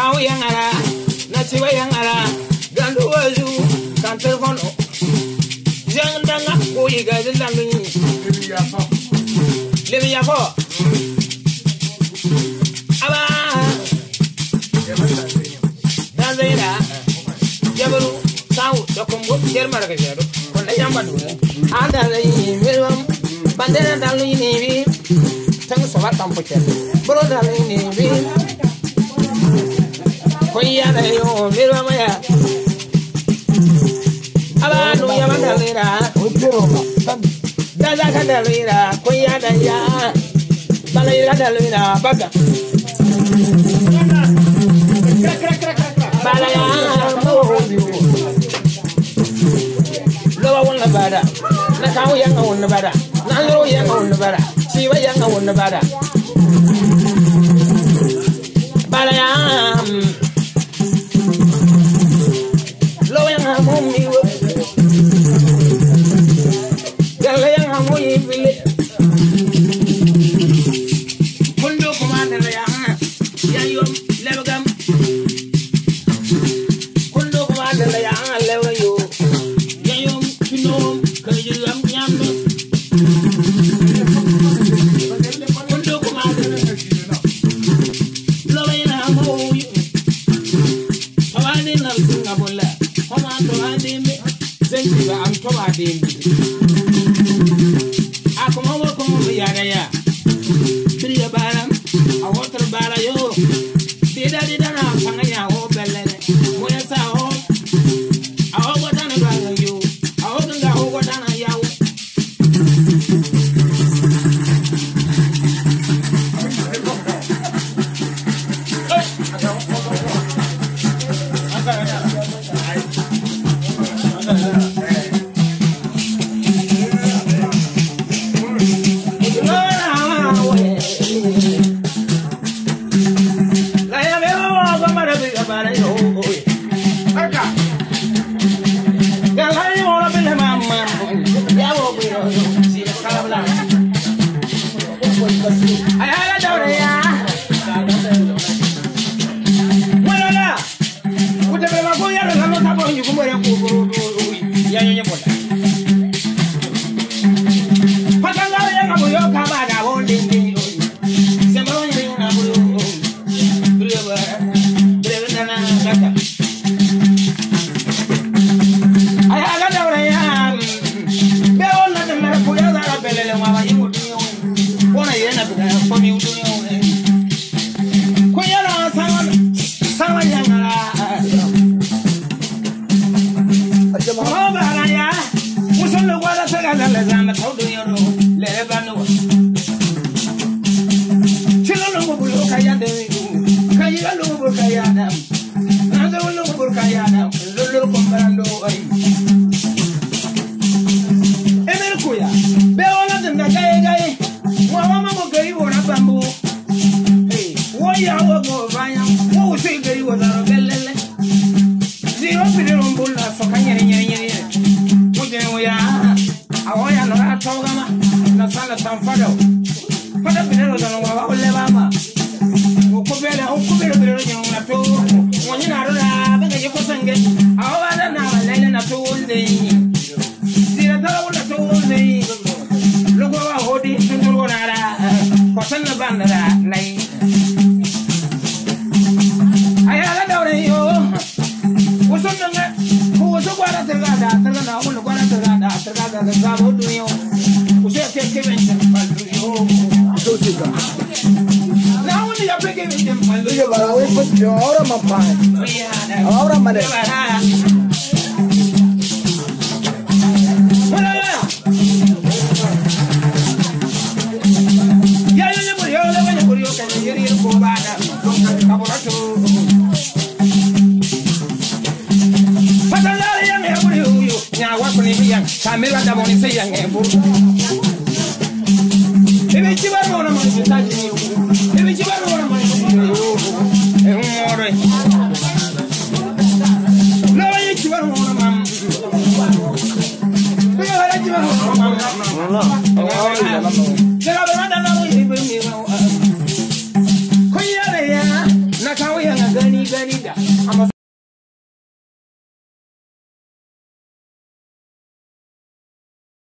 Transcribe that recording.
kawo yang ara na ciwa yang ara gandu wazu kan telefon o jang danga ko yi ga jin dangu ni lebi ya fo aba dan zai da jabaru kawo da kumbo jer marga jaro kon da jamba du anda zai melwam bandera dalu ni bi tang sobat tampo cer bro dalu ni bi oyiyanayo omerwamaya balaya balayam singa bolla homa to adimi zengiwa am toba adimi baraya musondo gwada sega zala zanda tawdo yoro lere banu wa chilo lungu bulu kaya dewi kayi lungu bulu kaya dam san fado fado bilero dɔn wa o lɛba ma o ko bɛ na o ko bɛ bilero jɔn na to o ɲin aro la bɛ ka ye ko sɛnge awo ba da na wala ilé na to o le yi sira tala wala to o le yi lɔgɔ wa o di tuntun ko nara kɔsɛn na ban nara na yi. a yàrá dawuro yi o woso nanga ko woso gbara tirika da tirika da wolo gbara tirika da tirika da tirika da o dun yi o ustedes que venden pa'l río. La única vez que río. Yo para hoy pues yo ahora mamá. Ahora madre. Ya yo le murió, le voy a murió, que me dieron cobana. mila da boni si yang ebur ebi chiba no na mani ta ji ebi chiba no na mani e umore no ye chiba no na mam no ye chiba no na mam